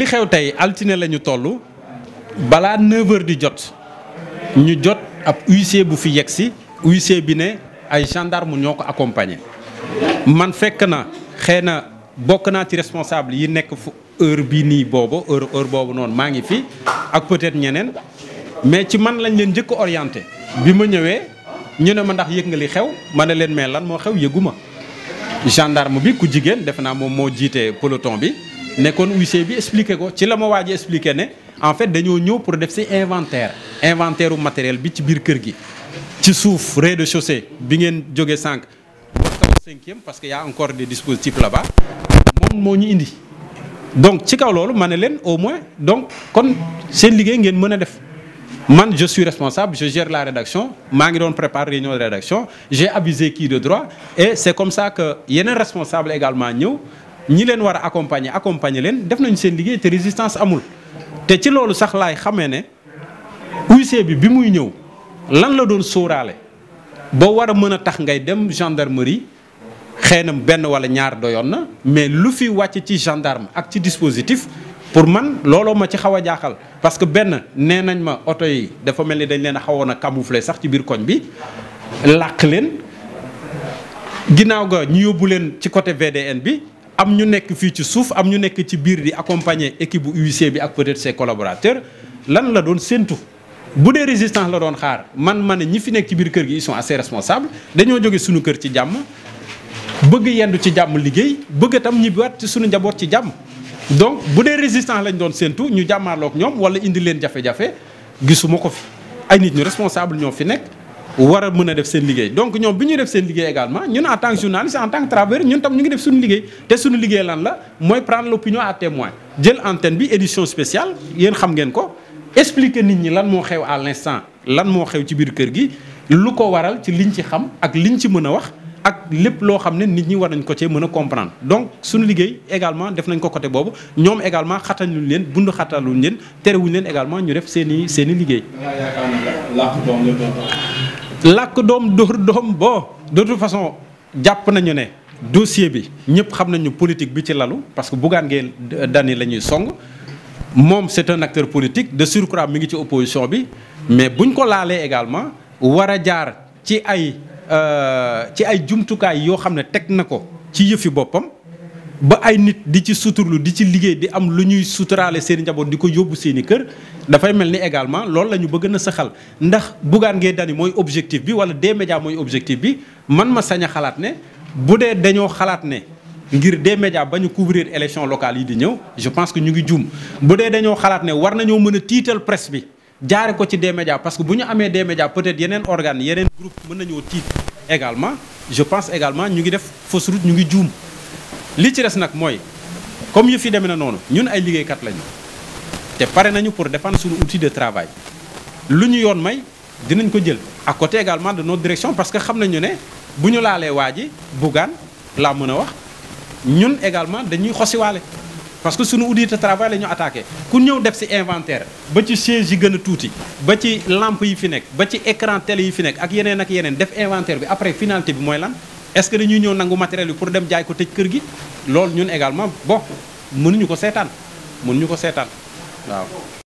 li xew tey altine lañu tollu toll balaa 9 di jot ñu jot ab huissier bu fi yegg si huissier bi ne ay gendarme ñoo ko accompagner man fekk na xëy na bokk naa ci responsable yi nekk fu heure bii nii boobu heure heure boobu noonu maa ngi fi ak peut-être ñeneen mais ci man lañ leen njëkk orienté bi ma ñëwee ñu ne ma ndax yëg nga li xew ma ne leen mais lan moo xew yëguma gendarme bi ku jigéen defe naa moom moo jiite peloton bi nekkoon huissier bi expliqué ko ci la ma waaj expliqué ne en fait dañoo ñëw pour def si inventaire inventaire u matériel bi ci biir kër gi ci suuf rez-de-chaussée bi ngeen jóge sànq cinquième parce que yaa encore des dispositifs là donc ci kaw loolu ma ne leen au moins donc kon seen liggéey ngeen mën a def man je suis responsable je la rédaction maa ngi doon préparer réunion de rédaction j'ai abusé kii de droit et c'est comme ça que yeneen responsable également ñëw ñi leen war a accompagner accompagner leen def nañu seen liggéey te résistance amul te ci loolu sax laay xamee ne huissier bi bi muy ñëw lan la doon sóoraale ba war a mën a tax ngay dem gendarmerie xëy na benn wala ñaar doyoon na mais lu fi wàcc ci gendarme ak ci dispositif pour man looloo ma ci xaw a jaaxal parce que benn nee nañ ma oto yi dafa mel ni dañ leen a xawoon a camoufler sax ci biir koñ bi làq leen ginnaaw ga ñu yóbbu leen ci côté VDN bi am ñu nekk fii ci suuf am ñu nekk ci biir di accompagner équipe bu huissier bi ak peut-être ses lan la doon séentu bu dee résistance la doon xaar man ma ne ñi fi nekk ci biir kër gi ils sont assez dañoo jóge suñu kër ci jàmm bëgg yendu ci jàmm liggéey bëgg tam ñibbiwaat ci suñu njaboot ci jàmm donc bu dee résistance lañ doon séentu ñu jàmmaarloog ñoom wala indi leen jafe-jafe gisuma ko fi ay nit ñu responsable ñoo fi nekk war a mën a def seen liggéey donc ñoom bi ñu def seen liggéey également ñun en tant que journaliste en tant que travailleur ñun tam ñu ngi def suñu liggéey te suñu liggéey lan la mooy prendre l'opinion à témoin jël antenne bi édition spéciale yéen xam ngeen ko expliquer nit ñi lan moo xew à l'instant lan moo xew ci biir kër gi lu ko waral ci liñ ci xam ak liñ ci mën a wax ak lépp loo xam ne nit ñi war nañ ko cee mën a comprendre donc suñu liggéey également def nañ ko côté boobu ñoom également xataluñ leen bund xataluñ leen terewuñ leen également ñu def seen i seen i liggéey. làkk doom dóor doom bo de toute façon jàpp nañu ne dossier bi ñëpp xam nañu politique bi ci lalu parce que Bougane Gueye Dany la ñuy song moom c'est un acteur politique de surcroît mi ngi ci opposition bi mais buñ ko laalee également war a jaar ci Euh, ci ay jumtukaay yoo xam ne teg na ko ci yëfi boppam ba ay nit di ci suturlu di ci liggéey di am lu ñuy suturaale seen njaboot di ko yóbbu seen i kër dafay mel ni également loolu la ñu bëgg na saxal ndax Bougane Gueye Dany mooy objectif bi wala dee média mooy objectif bi man ma sañ a xalaat ne bu dee dañoo xalaat ne ngir dee média ba ñu couvrir élection locale yi di ñëw je pense que ñu ngi juum bu dee dañoo xalaat ne war nañoo mën a tiital presse bi jaare ko ci des médias parce que bu ñu amee des médias peut-être yeneen organes yeneen groupe mën nañoo tiit également je pense également ñu ngi def fausse route ñu ngi juum li ci des nag mooy comme yëf fi demee na noonu ñun ay liggéeykat lañu te pare nañu pour défendre suñu outil de travail lu ñu yoon may dinañ ko jël ak côté également de notre direction parce que xam nañu ne bu ñu laalee waa ji Bougane laa mën a wax ñun également dañuy xosiwaale parce que suñu outil de travail la ñu attaqué ku ñëw def si inventaire ba ci chaise yi gën a tuuti ba ci lampe yi fi nekk ba ci écran télé yi fi nekk ak yeneen ak yeneen def inventaire bi après finalité bi mooy lan est-ce que dañuy ñëw nangu matériel bi pour dem jaay ko tëj kër gi loolu ñun également bokk bon mënuñu ko seetaan ñu ko seetaan waaw